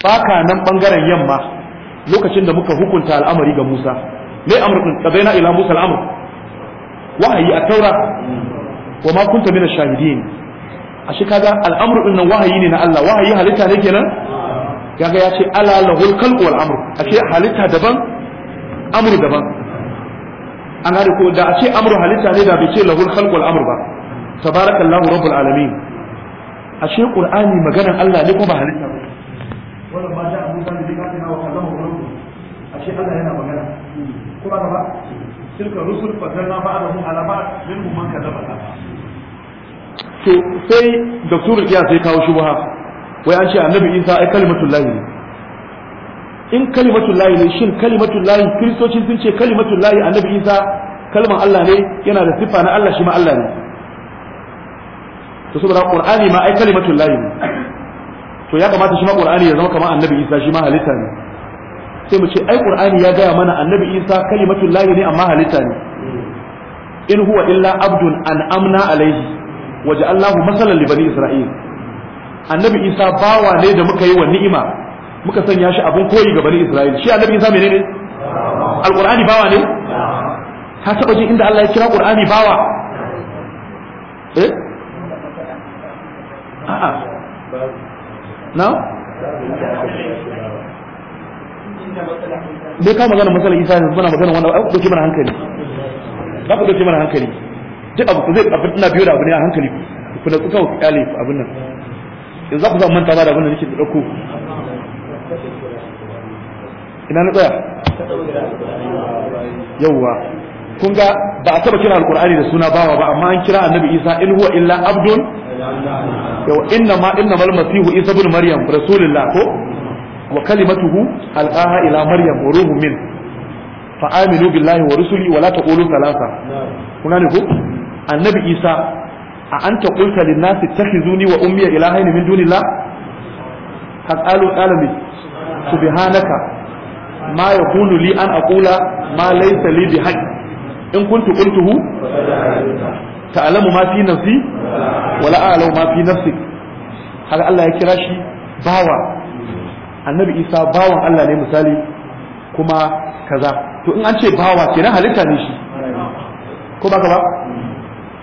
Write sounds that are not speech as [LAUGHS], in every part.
baka nan bangaren yamma lokacin da muka hukunta al'amari ga Musa me amrukun qadaina ila Musa al wahayi at-taura wa ma kunta min ash-shahidin ashe kaga al'amru din nan wahayi ne na Allah wahayi halitta ne kenan kaga ya ce ala lahul khalqu wal A ce halitta daban amru daban an gane ko da a ce amru halitta ne da bai ce lahul khalqu wal amru ba tabarakallahu rabbul alamin ashe qur'ani maganan Allah ne ko ba halitta ba wannan ma da Abu Bakar da kafin hawa kallon rabbu ashe Allah yana magana Kuma ba ba tilka rusul fatanna ba'dahum ala ba'd minhum man kadaba to sai doktor ya sai kawo shubha wai an ce annabi Isa ai kalimatul lahi in kalimatul lahi ne shin kalimatul lahi kristoci sun ce kalimatul lahi annabi Isa kalman Allah ne yana da sifa na Allah shi ma Allah ne to saboda qur'ani ma ai kalimatul lahi ne to ya kamata shi ma qur'ani ya zama kamar annabi isa shi ma halitta ne sai mu ce ai qur'ani ya gaya mana annabi isa kalimatul lahi ne amma halitta ne in huwa illa abdun an'amna alaihi waja'alnahu masalan li bani isra'il annabi isa bawa ne da muka yi wa ni'ima muka sanya shi abun koyi ga bani isra'il shi annabi isa menene alqur'ani bawa ne ka taba jin inda Allah ya kira qur'ani bawa eh a'a na bai ka magana matsalar isa ne suna magana wanda abu doki mana hankali za ku doki mana hankali duk abu ku zai abu ina biyo da abu ne a hankali ku na kuka wasu kyale abin nan yanzu za ku zama manta ba da abin da nake da ɗauko ina na tsaya yawwa kun ga ba a taba kira alkur'ani da suna bawa ba amma an kira annabi isa in huwa illa abdun yau inna ma inna mal masihu isa bin maryam rasulullah ko wa kalimatuhu alqaha ila maryam wa ruhu min fa aminu billahi wa rusuli wa la taqulu thalatha kuna ne ko annabi isa a anta qulta lin nasi takhizuni wa ummi ilahayn min dunillah haqalu alami subhanaka ma yakunu li an aqula ma laysa li bihaq in kuntu qultuhu ta'lamu ma fi nafsi wala a'lamu ma fi nafsik haka Allah ya kira shi bawa annabi Isa bawan Allah ne misali kuma kaza to in an ce bawa kenan halitta ne shi ko ba ka ba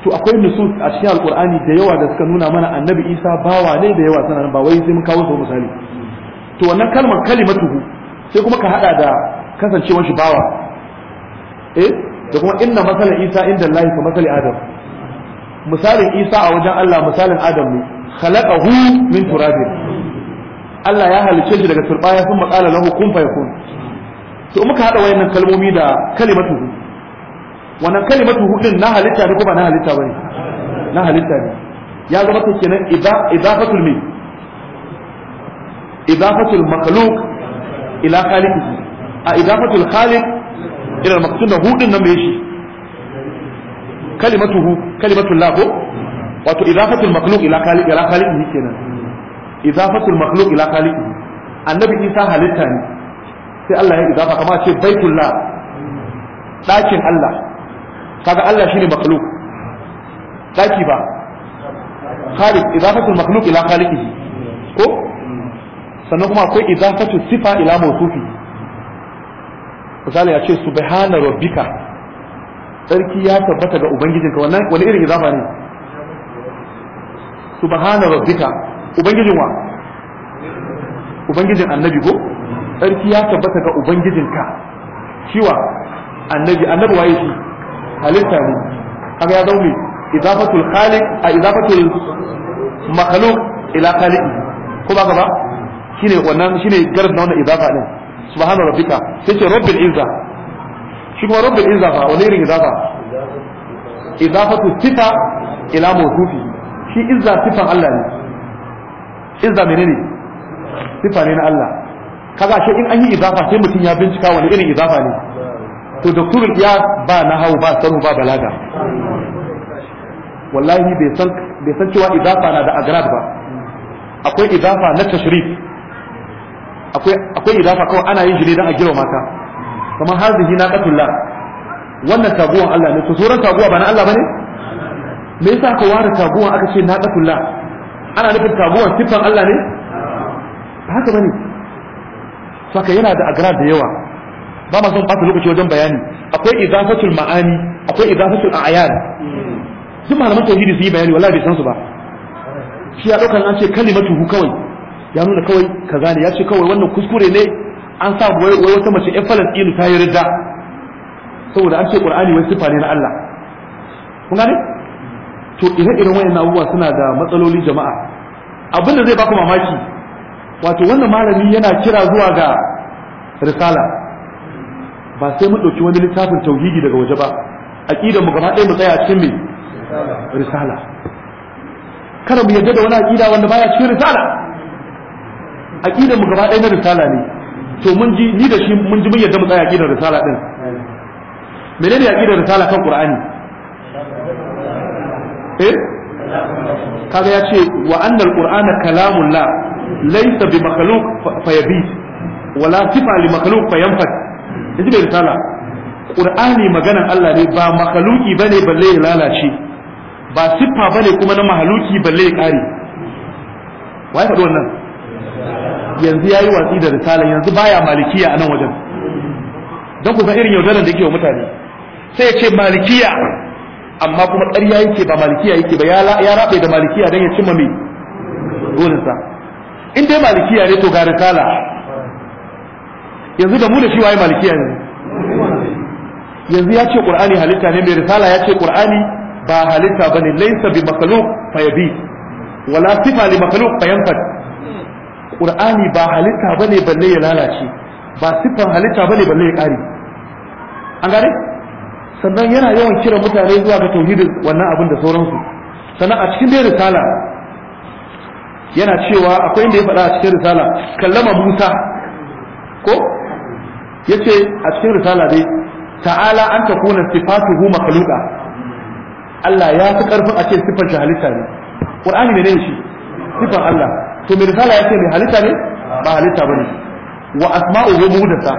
to akwai nusus a cikin alkur'ani da yawa da suka nuna mana annabi Isa bawa ne da yawa sanan ba wai sai mun kawo su misali to wannan kalmar kalimatuhu sai kuma ka hada da kasancewar shi bawa eh da kuma inna masala Isa inda Allah ka masali Adam misalin isa a wajen Allah misalin Adamu, ne khalaqahu min turabin Allah ya halice shi daga turbaya sun maƙala lahu kun fayakun to muka hada wayannan kalmomi da kalimatu wannan kalimatu din na halitta ne ko ba na halitta bane na halitta ne ya zama to kenan idafatul me idafatul makhluq ila khaliqihi a idafatul khaliq ila maqsudahu din nan me shi kalimatuhu kalimatul la wato idafatul makhluq ila khaliq ila khaliqihi kenan idafatul makhluq ila khaliqihi annabi isa halitta ne sai Allah ya idafa kamar ce baitul la dakin Allah kaga Allah shine makhluq daki ba khaliq idafatul makhluq ila khaliqihi ko sannan kuma akwai idafatul sifa ila mawsufi misali ya ce subhana rabbika sarki ya tabbata ga ubangijinka wannan wani irin izafa ne subhana rabbika ubangijin wa ubangijin annabi ko sarki ya tabbata ga ubangijinka ciwa annabi annabi waye shi halitta ne kaga ya zaume izafatul khaliq a izafatul makhluq ila khaliq ko ba ba shine wannan shine garin na wannan izafa din subhana rabbika sai ce rabbil izza shi kuma rabbi izafa wani irin idafa idafatu sifa ila mawsufi shi izza sifan Allah ne izza ne sifa ne na Allah kaga shi in an yi idafa sai mutum ya bincika wani irin idafa ne to doktorul ya ba hau ba sanu ba balaga wallahi bai san cewa idafa na da agrad ba akwai idafa na tashrif akwai akwai idafa kawai ana yin shi ne dan a girma mata. kamar hazihi katulla wannan taguwan Allah ne to sauran taguwa ba na Allah bane me yasa aka ware taguwan aka ce katulla ana nufin taguwan sifan Allah ne haka bane saka yana da agrad da yawa ba ma son ɓata lokaci wajen bayani akwai idafatul ma'ani akwai idafatul a'yan duk malaman tauhidi su yi bayani wallahi bai san su ba shi ya ɗaukar an ce kalimatu kawai ya nuna kawai kaza ne ya ce kawai wannan kuskure ne an sa wai wata mace ƴan falastinu ta yi ridda saboda an ce Ƙur'ani wai sifa ne na Allah kun gane to ire-iren wayan abubuwa suna da matsaloli jama'a abin da zai baku mamaki wato wannan malami yana kira zuwa ga risala ba sai mun ɗauki wani littafin tauhidi daga waje ba aqidar mu gaba ɗaya mu tsaya a cikin me risala kada mu yarda da wani aqida wanda baya cikin risala aqidar mu gaba ɗaya na risala ne to mun ji ni da shi mun ji mun yadda mu tsaya aqidar risala din menene aqidar risala kan qur'ani eh kaga ya ce wa annal kalamun kalamullah laysa bi makhluq fa yabi wala sifa li makhluq fa yanfat yaji bai risala qur'ani maganan Allah ne ba makhluqi bane balle ya lalace ba siffa bane kuma na mahaluki balle ya kare wai faɗi wannan yanzu ya yi watsi da risala yanzu baya malikiya a nan wajen don ku san irin yaudaran da yake wa mutane sai ya ce malikiya amma kuma ƙarya yake ba malikiya yake ba ya rabe da malikiya don ya cimma mai rolinsa in dai malikiya ne to ga risala yanzu da mu da shi waye malikiya ne yanzu ya ce qur'ani halitta ne mai risala ya ce qur'ani ba halitta bane laysa bi makhluq fayabi wala sifa li makhluq fayanfad qur'ani ba halitta bane balle ya lalace ba siffar halitta bane balle ya kare an gane sannan yana yawan kiran mutane zuwa ga tauhidin wannan abin da sauransu sannan a cikin dai risala yana cewa akwai inda ya faɗa a cikin risala kallama musa ko yace a cikin risala dai ta'ala an ta Sifatu hu makhluqa Allah ya fi karfin a ce siffar halitta ne Qur'ani ne ne shi sifar Allah to mai risala ya ce mai halitta ne ba halitta bane wa asma'uhu muhdasa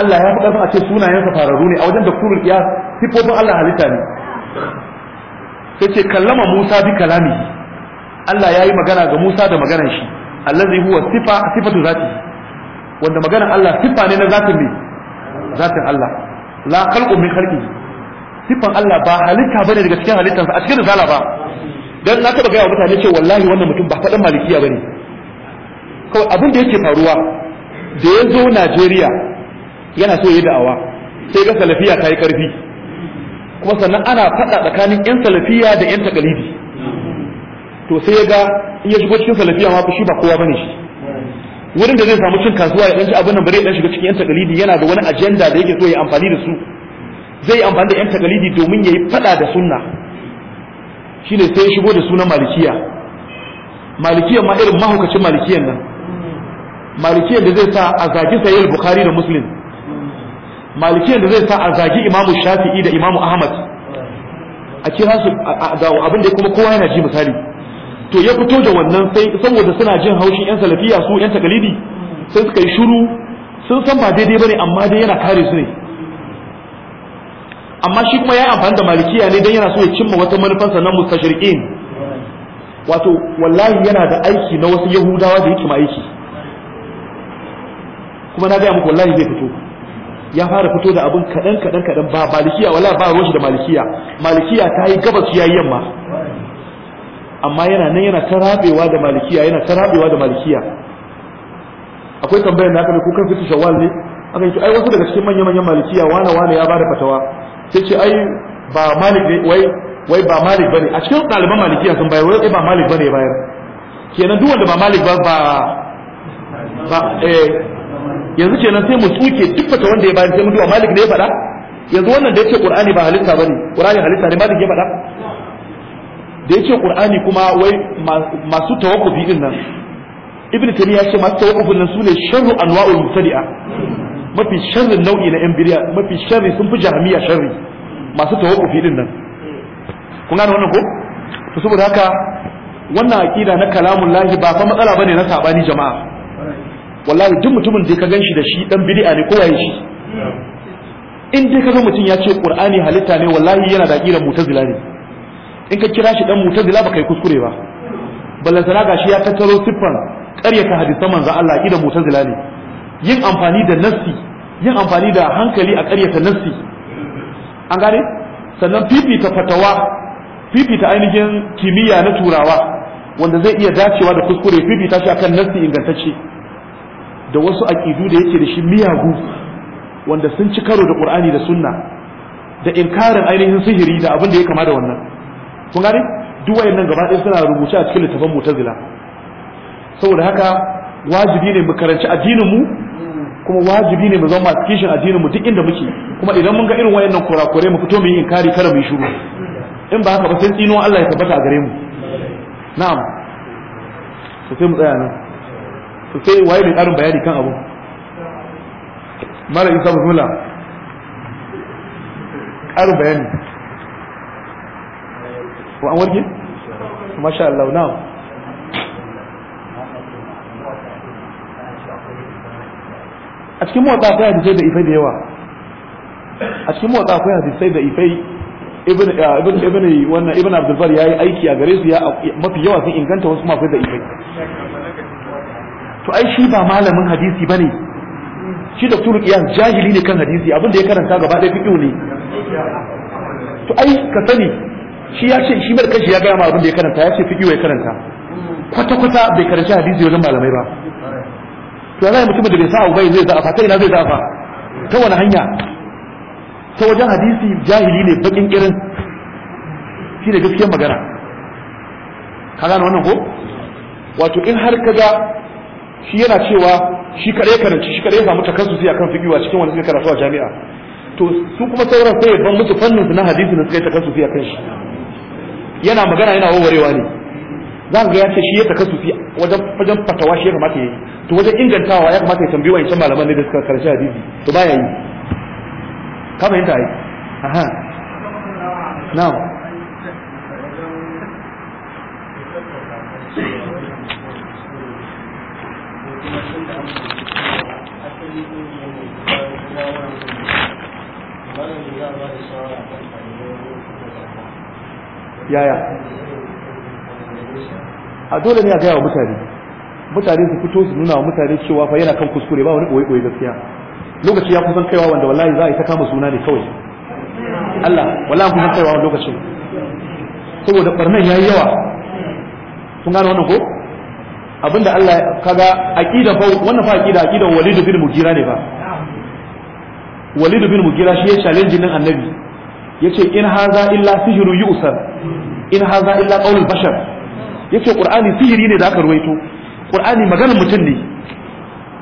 Allah ya fada a ce sunayensa fararru ne a wajen da kurul qiyas sifofin Allah halitta ne sai ce kallama Musa bi kalami Allah ya yi magana ga Musa da maganar shi allazi huwa sifa sifatu zati wanda maganar Allah sifa ne na zatin ne zatin Allah la khalqu min khalqi sifan Allah ba halitta bane daga cikin halittansa a cikin risala ba dan na taba gaya wa mutane ce wallahi wannan mutum ba faɗin malikiya bane kawai abin da yake faruwa da ya zo Najeriya yana so ya yi da'awa sai ga salafiya ta yi ƙarfi kuma sannan ana faɗa tsakanin 'yan salafiya da 'yan takalibi to sai ya ga in ya shigo cikin salafiya ma shi ba kowa bane shi wurin da zai samu cin kasuwa ya ɗanci abin nan bare ɗan shiga cikin 'yan takalibi yana da wani ajenda da yake so ya amfani da su zai yi amfani da 'yan takalibi domin ya yi faɗa da sunna shine sai ya shigo da sunan malikiya malikiyan ma irin mahaukacin malikiyan nan malikiyar da zai sa a zagi sahih bukhari da muslim malikiyar da zai sa a zagi imamu shafi'i da imamu ahmad a kira su da abin da kuma kowa yana ji misali to ya fito da wannan sai saboda suna jin haushin yan salafiya su yan takalidi sai suka yi shiru sun san ba daidai bane amma dai yana kare su ne amma shi kuma ya amfani da malikiya ne dan yana so ya cimma wata manufansa na mustashriqin wato wallahi yana da aiki na wasu yahudawa da yake ma aiki kuma na gaya muku wallahi zai fito ya fara fito da abin kaɗan kaɗan kaɗan ba malikiya wala ba ruwan shi da malikiya malikiya ta yi gabas ya yi yamma amma yana nan yana ta rabewa da malikiya yana ta rabewa da malikiya akwai tambayar da aka ko kan fitu shawal ne aka yi ai wasu daga cikin manya manyan malikiya wani wani ya bada fatawa sai ce ai ba malik ne wai wai ba malik bane a cikin daliban malikiya sun bayar wai eh, ba malik bane ya bayar kenan duk wanda ba malik ba ba eh yanzu ce nan sai mu tsuke duk fata wanda ya bayar sai mutuwa malik ne ya faɗa yanzu wannan da ya ce qur'ani ba halitta bane qur'ani halitta ne malik ya faɗa da ya ce qur'ani kuma wai masu tawakkufi din nan ibn taymiya ya ce masu tawakkufin nan sune sharru anwa'ul mubtadi'a mafi sharri nau'i na yan biriya mafi sharri sun fi jahmiya sharri masu tawakkufi din nan kun gane wannan ko to saboda haka wannan aqida na kalamullahi lahi ba fa matsala bane na sabani jama'a wallahi duk mutumin da ka ganshi da shi dan bid'a ne ko waye shi in dai kaga mutum ya ce qur'ani halitta ne wallahi yana da kira mutazila ne in ka kira shi dan mutazila baka yi kuskure ba sana gashi ya tattaro siffan ƙaryata hadisan manzon Allah kira mutazila ne yin amfani da nafsi yin amfani da hankali a ƙaryata nafsi an gane sannan fifita fatawa fifita ainihin kimiyya na turawa wanda zai iya dacewa da kuskure fifita shi akan nassi ingantacce da wasu aƙidu da yake da shi miyagu wanda sun ci karo da ƙur'ani da sunna da inkarin ainihin sihiri da abin da ya kama da wannan kun gane duk wayannan gaba ɗaya suna rubuce a cikin littafin mutazila saboda haka wajibi ne mu karanci addinin mu kuma wajibi ne mu zama masu kishin addinin mu duk inda muke kuma idan mun ga irin wayannan kurakurai mu fito mu yi inkari kada mu yi shuru. in ba haka ba sai tsinuwa Allah ya tabbata a gare mu na'am sai mu tsaya nan to sai waye mai karin bayani kan abu mara isa bismillah karin bayani wa an warke masha Allah na a cikin motsa akwai hadisai da ifai da yawa a cikin motsa akwai hadisai da ifai ibn uh, ibn ibn wannan ibn abdul bar yayi aiki a gare su ya mafi yawa sun inganta wasu mafi da ifai to ai shi ba malamin hadisi bane shi da turu kiyas jahili ne kan hadisi abin da ya karanta gaba ɗaya fiƙo ne to ai ka sani shi ya ce shi barkashi ya gaya ma abin da ya karanta ya ce fiƙo ya karanta kwata kwata bai karanci hadisi wajen malamai ba to yana mutumin da bai sa abu bai zai za'afa kai na zai fa? ta wani hanya ta wajen hadisi jahili ne bakin irin shi ne gaskiyar magana ka gane wannan ko wato in har kaga shi yana cewa shi kadai karanci shi kadai samu takassusi akan kan a cikin wanda zai karatu a jami'a to su kuma sauran sai ban musu fannin su na hadisi da suka yi a kan shi yana magana yana wawarewa ne za ga ya ce shi ya takassusi wajen wajen fatawa shi ya kamata yi, to wajen ingantawa ya kamata ya tambayi wa'ancan malaman ne da suka karanci hadisi to ya yi ka fahimta ai aha na'am yaya a dole ne a gaya wa mutane mutane su fito su nuna wa mutane cewa fa yana kan kuskure ba wani ɓoye-ɓoye gaskiya lokaci ya kusan kaiwa wanda wallahi za a yi ta kama suna ne kawai Allah wallahi kusan kaiwa wani lokacin saboda barnan ya yi yawa sun gane wannan ko abinda Allah kaga aqida fa wannan fa aqida aqidan Walid bin Mugira ne fa Walid bin Mugira shi ya challenge din Annabi yace in haza illa sihru yusar in haza illa qaulul bashar yace Qur'ani sihiri ne da aka ruwaito Qur'ani maganar mutum ne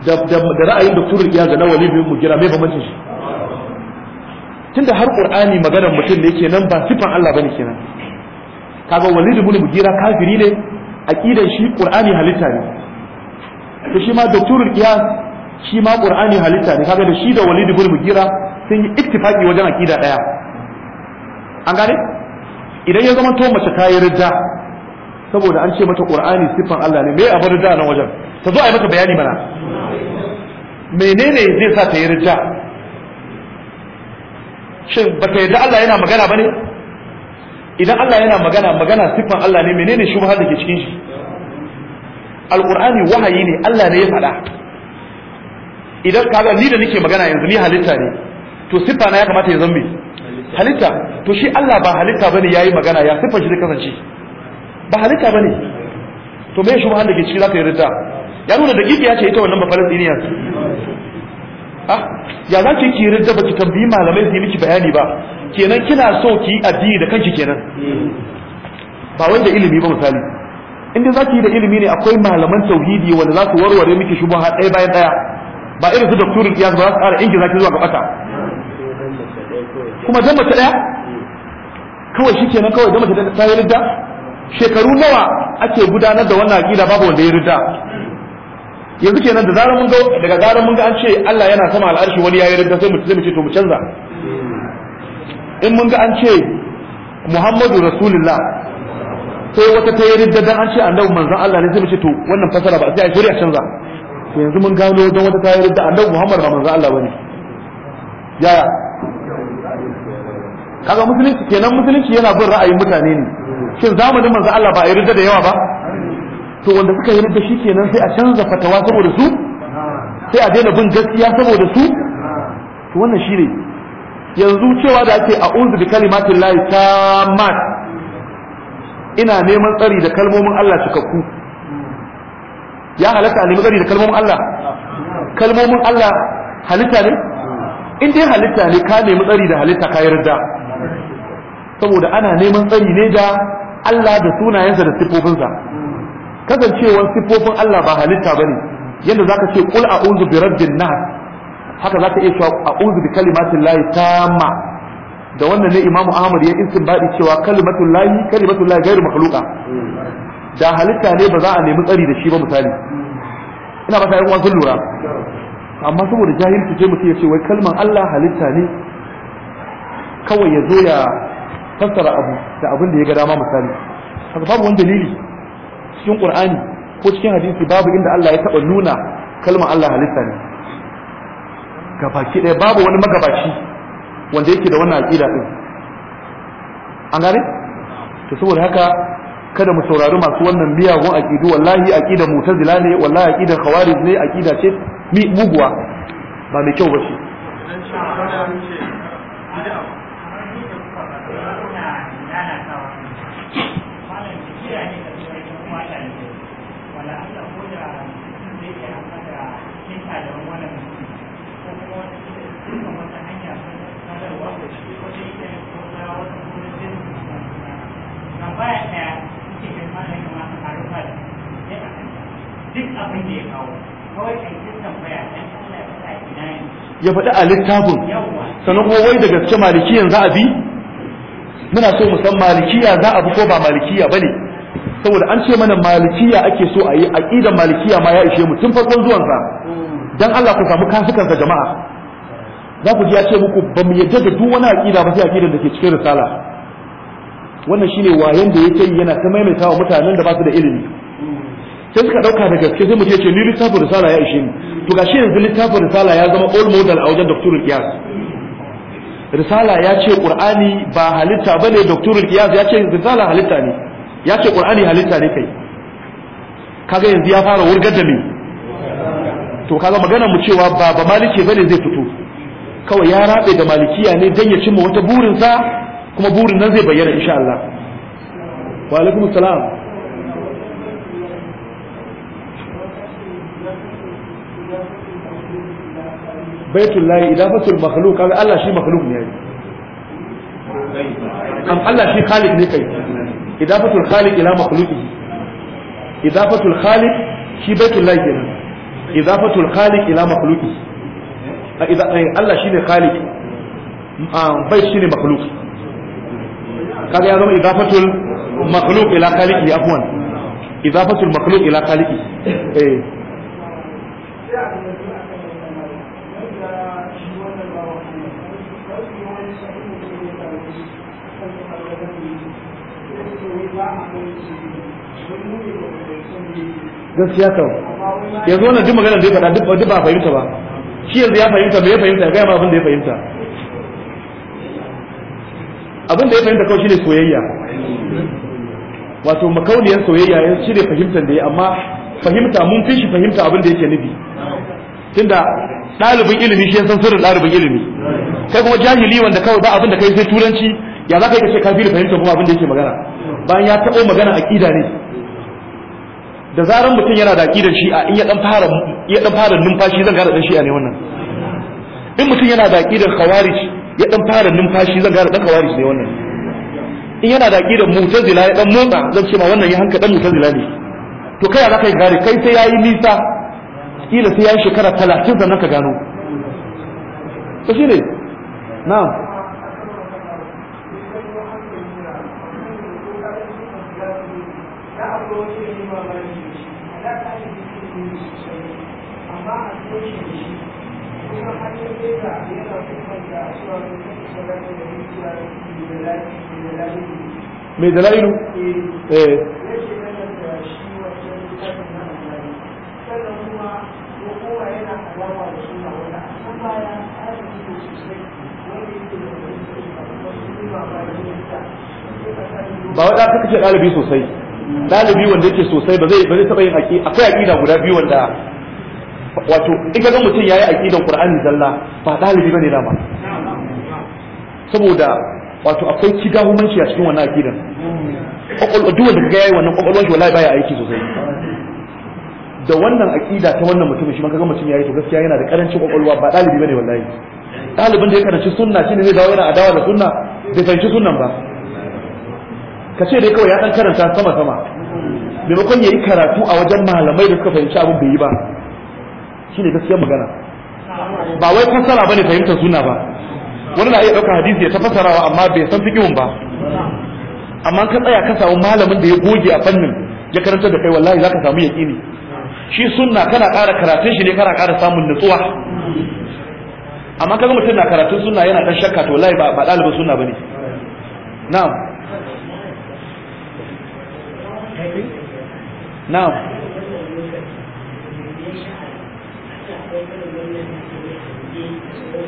da da ra'ayin Dr. Iyaz da Walid bin Mugira mai bambanci shi tunda har Qur'ani maganar mutum ne kenan ba sifan Allah bane kenan kaga Walid bin Mugira kafiri ne aqidan shi qur'ani halitta ne to shi ma doktorul qiyas shi ma qur'ani halitta ne kaga da shi da walid ibn mugira sun yi ittifaqi wajen aqida daya an gane idan ya zama to mace ta yi ridda saboda an ce mata qur'ani siffan Allah ne me a bar ridda nan wajen ta zo a yi mata bayani mana menene zai sa ta yi ridda shin baka yarda Allah yana magana bane idan Allah yana magana magana siffan Allah ne menene shubhar da ke cikin shi alqur'ani wahayi ne Allah ne ya faɗa idan kaga ni da nake magana yanzu ni halitta ne to siffa na ya kamata ya zambe halitta to shi Allah ba halitta bane yayi magana ya siffar shi da kasance ba halitta bane to me shubhar da ke ciki zaka yarda ya nuna da ya ce ita wannan ba falastiniyar ah ya zaki ki yarda ba ki tambayi malamai su yi miki bayani ba kenan kina so ki addini da kanki kenan ba wanda ilimi ba misali in dai zaki yi da ilimi ne akwai malaman tauhidi wanda za su warware miki shubuha ɗaya bayan ɗaya ba irin su doctorin kiyas ba za su ƙara inji zaki zuwa ga bata kuma dan mace ɗaya kawai shi kenan kawai dan mace ɗaya ta yi ridda shekaru nawa ake gudanar da wannan aƙida babu wanda ya ridda yanzu kenan da zarar mun ga daga zarar mun ga an ce Allah yana sama al'arshi wani yayi ridda sai sai mu ce to mu canza in mun ga an ce muhammadu rasulullah sai wata ta yi ridda dan an ce annabi manzon Allah ne sai mace to wannan fasara ba sai a shirya canza to yanzu mun gano don wata ta yi ridda annabi muhammadu ba manzon Allah bane yaya kaga musulunci kenan musulunci yana bin ra'ayin mutane ne shin zamanin manzon Allah ba a yi ridda da yawa ba to wanda suka yi ridda shikenan sai a canza fatawa saboda su sai a daina bin gaskiya saboda su to wannan shine yanzu cewa da ake a'udhu bi kalimatin lahi tamat ina neman tsari da kalmomin Allah cikakku ya halatta a nemi tsari da kalmomin Allah kalmomin Allah halitta ne in dai halitta ne ka nemi tsari da halitta ka yarda saboda ana neman tsari ne da Allah da sunayensa da siffofinsa kasancewar siffofin Allah ba halitta bane yadda zaka ce qul a'udhu bi rabbin nas haka za ka iya cewa a'udhu bi kalimatin layi tamma da wannan ne imamu ahmad ya baɗi cewa kalimatul lahi kalimatul lahi gairu da halitta ne ba za a nemi tsari da shi ba misali ina ba ta yi sun lura amma saboda jahilci sai mutum ya ce wai kalman Allah halitta ne kawai ya zo ya fassara abu da abin da ya ga dama misali haka babu wani dalili cikin qur'ani ko cikin hadisi babu inda Allah ya taba nuna kalman Allah halitta ne gabaki ɗaya babu wani magabaci wanda yake da wannan aƙida ɗin an gane to saboda haka kada mu saurari masu wannan miyagun aƙidu wallahi aƙida mutazila ne wallahi aƙida khawarij ne aƙida ce mi muguwa ba mai kyau ba shi. ya faɗi a littafin sannan kuma wai da gaske malikiyan za a bi muna so mu san malikiya za a bi ko ba malikiya bane saboda an ce mana malikiya ake so a yi aƙidan malikiya ma ya ishe mu tun farkon zuwan sa dan Allah ku samu kasukan jama'a za ku ji ya ce muku ba mu yadda da duk wani aqida ba sai aqidan da ke cikin risala wannan shine wayan da yake yana ta wa mutanen da ba su da ilimi sai suka dauka da gaske sai mutum ya ce ni littafin risala ya ishe ni to gashi yanzu littafin risala ya zama all model a wajen doktorul kiyas risala ya ce qur'ani ba halitta bane doktorul kiyas ya ce risala halitta ne ya ce qur'ani halitta ne kai kaga yanzu ya fara wurgar da ni to kaga magana mu cewa ba ba maliki bane zai fito kawai ya rabe da malikiya ne dan ya cimma wata burinsa kuma burin nan zai bayyana insha Allah wa alaikumus salam بيت الله إضافة المخلوق قال الله شيء مخلوق يعني أم الله شيء خالق نكي إضافة الخالق إلى مخلوقه إضافة الخالق شيء بيت الله جنة إضافة الخالق إلى مخلوقه الله شيء خالق بيت شيء مخلوق قال يا رب إضافة المخلوق إلى خالقه أفوان إضافة المخلوق إلى خالقه إيه gaskiya kawo yanzu wannan duk magana da ya faɗa duk ba fahimta ba shi yanzu ya fahimta me ya fahimta ya gaya ma abin da ya fahimta abin da ya fahimta kawai shine soyayya wato makauniyar soyayya ya cire fahimtar da ya amma fahimta mun fi shi fahimta abin da yake nufi tunda ɗalibin ilimi shi san sirrin ɗalibin ilimi kai kuma jahili wanda kawai ba abin da kai sai turanci ya za ka yi ka ce ka fi da fahimta kuma abin da yake magana bayan ya taɓo magana a ƙida ne da zaran mutum yana da aqidar shi'a in ya dan fara ya dan fara numfashi zan gara dan shi'a ne wannan in mutum yana da aqidar khawarij ya dan fara numfashi zan gara dan khawarij ne wannan in yana da aqidar mu'tazila ya dan motsa zan ce ma wannan ya hanka dan mu'tazila ne to kai za ka gari kai sai yayi nisa kila sai yayi shekara 30 da ka gano to shine na'am mai dalilu eh. ba wadda ta kace ɗalibi sosai ɗalibi wanda yake sosai ba zai taɓa yin haƙi akwai aƙida guda biyu wanda wato in ga mutum yayi aƙidan Qur'ani zalla ba ɗalibi bane ba. saboda wato akwai kigahumanci a cikin wannan akidan kwakwalwa duk wanda ya yi wannan kwakwalwar shi wallahi baya aiki sosai da wannan akida ta wannan mutumin shi kaga mutum yayi to gaskiya yana da ƙarancin kwakwalwa ba dalibi bane wallahi Ɗalibin da ya karanci sunna ne zai dawo yana adawa da sunna bai fahimci sunnan ba ka ce dai kawai ya dan karanta sama sama maimakon yi karatu a wajen malamai da suka fahimci abin bai yi ba ne gaskiya magana ba wai fassara bane fahimtar sunna ba wani na iya ɗauka hadisi ya ta fasarawa amma bai san fikihun ba amma ka tsaya ka samu malamin da ya goge a fannin ya karanta da kai wallahi zaka samu yaƙini shi sunna kana ƙara karatun shi ne kana ƙara samun nutsuwa amma kaga mutum na karatun sunna yana kan shakka to wallahi ba ɗalibin sunna bane na'am na'am akwai irin ko yi a wani don ko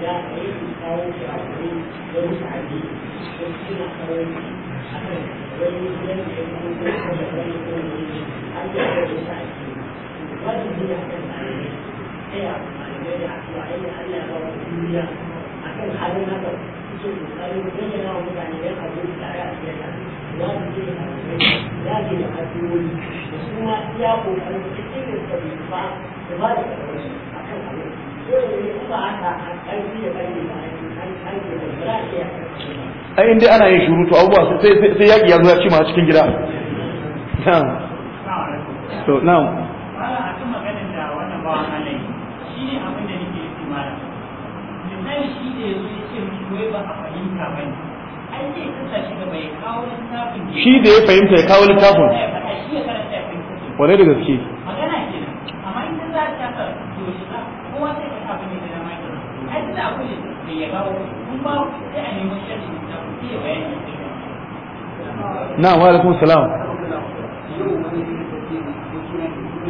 da ya kawo ko da wani ko da wani an yi da ya sa yi yi ai inda ana yin shuruto abubuwa sai yaƙi ya zo ya ci a cikin gida so now shi da ya fahimta ya kawo littafin wane da gaske na wa alaikum salam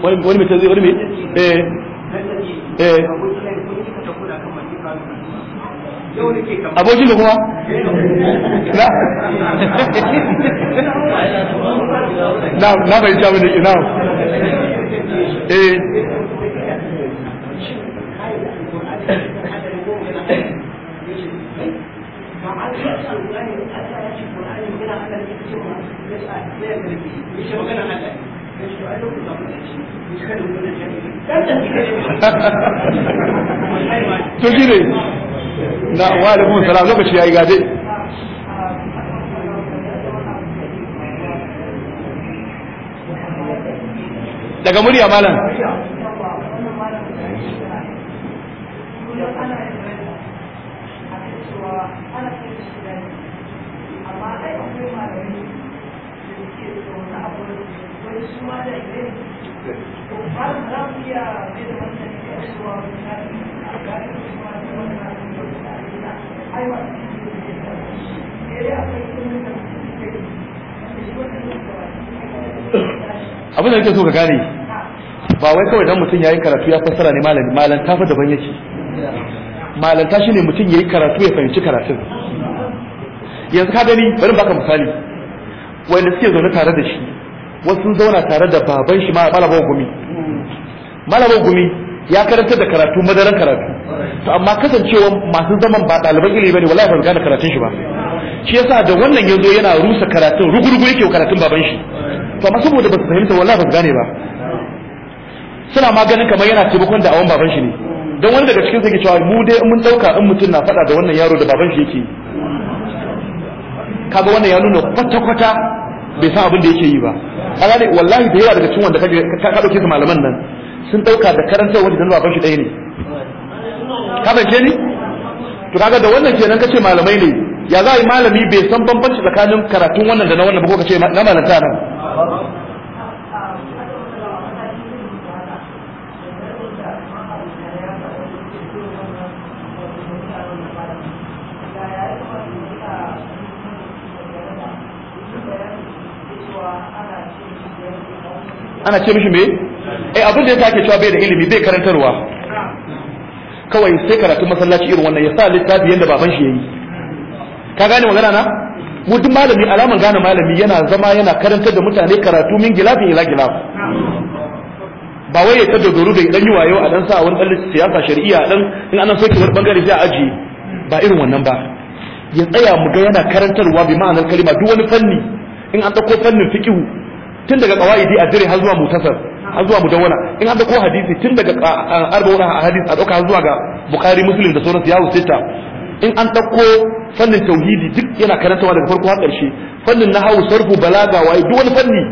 wani mai wani mai eh eh abokin [LAUGHS] eh to shi ne na wa'alaikun salam lokaci ya yi gade daga murya malam abin da nake so ka gane ba wai kawai dan mutum yayin karatu ya fassara ne malami malan fa daban yake ta shine mutum yayi karatu ya fahimci karatun yanzu ka gani bari baka misali wanda suke zaune tare da shi wasu sun zauna tare da baban shi malaba gumi malaba gumi ya karanta da karatu madaran karatu to amma kasancewa masu zaman ba ɗaliban ilimi bane wallahi ban gane karatun shi ba shi yasa da wannan yanzu yana rusa karatun rugurugu yake karatun baban shi to amma saboda ba su fahimta wallahi ba su gane ba suna ma ganin kamar yana taimakon awon baban shi ne don wani daga cikin su yake cewa mu dai mun dauka in mutum na faɗa da wannan yaro da baban shi yake kaga wannan ya nuna kwata kwata bai san abin da yake yi ba alhali wallahi da yawa daga cikin wanda ka dauke su malaman nan sun dauka da karantar wanda dan baban shi ɗaya ne ka bance ni to kaga da wannan kenan kace malamai ne ya za yi malami bai san bambanci tsakanin karatun wannan da na wannan ba ko kace na malanta nan ana ce mishi me eh abin da ya take cewa bai da ilimi bai karantarwa kawai sai karatu masallaci irin wannan ya sa littafi yadda baban shi yayi ka gane magana na mu duk malami alaman gane malami yana zama yana karantar da mutane karatu min gilafin ila gilaf ba wai ya ta dogaro da dan wayo a dan sa wani dan siyasa shari'a dan in ana ki wani bangare sai a aji ba irin wannan ba ya tsaya mu ga yana karantarwa bi ma'anar kalima duk wani fanni in an dauko fannin fiqh tun daga qawaidi a har zuwa mutasar har zuwa mudawwana in an dauko hadisi tun daga arba'una hadisi a dauka har zuwa ga bukhari muslim da sauransu yawo sita in an ɗauko fannin tauhidi duk yana karantawa daga farko har ƙarshe fannin nahawu sarfu balaga waye duk wani fanni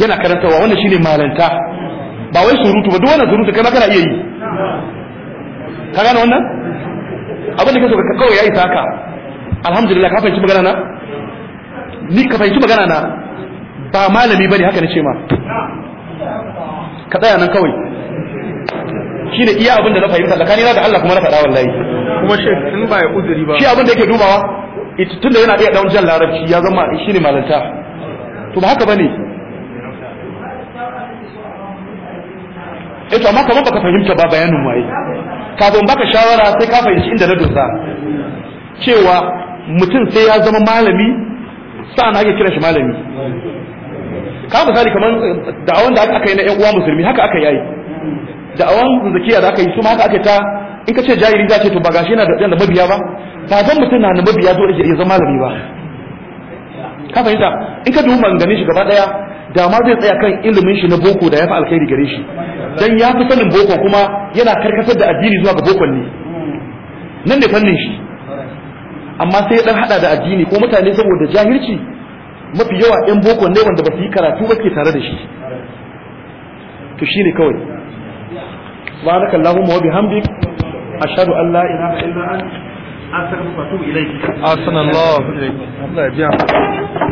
yana karantawa wannan shine malanta ba wai surutu ba duk wannan surutu kana kana iya yi ka gane wannan abin da kake so kawai yayi saka alhamdulillah ka fahimci magana na ni ka fahimci magana na ba malami bane haka nace ma ka tsaya nan kawai shine iya abin da na fahimta tsakanina da Allah kuma na faɗa wallahi kuma shi in ba ya uzuri ba shi abin da yake dubawa tun da yana iya dan jan larabci ya zama shi ne malanta to ba haka bane ne eh, to amma kamar baka fahimta ba bayanin waye kafin baka shawara sai ka fahimci inda na dosa cewa mutum sai ya zama malami sa'an ake kira shi malami ka misali kamar da'awan da aka yi na yan uwa musulmi haka aka yi da'awan zakiya da aka yi su ma haka aka ta in ka ce jahili za ce to ba gashi yana da mabiya ba ba zan mutum na da mabiya zo ya zama malami ba ka fahimta in ka duhu maganganun shi gaba daya da ma zai tsaya kan ilimin shi na boko da ya fi alkhairi gare shi dan ya fi sanin boko kuma yana karkatar da addini zuwa ga bokon ne nan ne fannin shi amma sai ya dan hada da addini ko mutane saboda jahilci mafi yawa yan bokon ne wanda ba su yi karatu ba ke tare da shi to shine kawai subhanakallahumma wa bihamdika ashhadu an la ilaha illa anta astaghfiruka wa atubu ilayk ahsanallahu ilayk Allah ya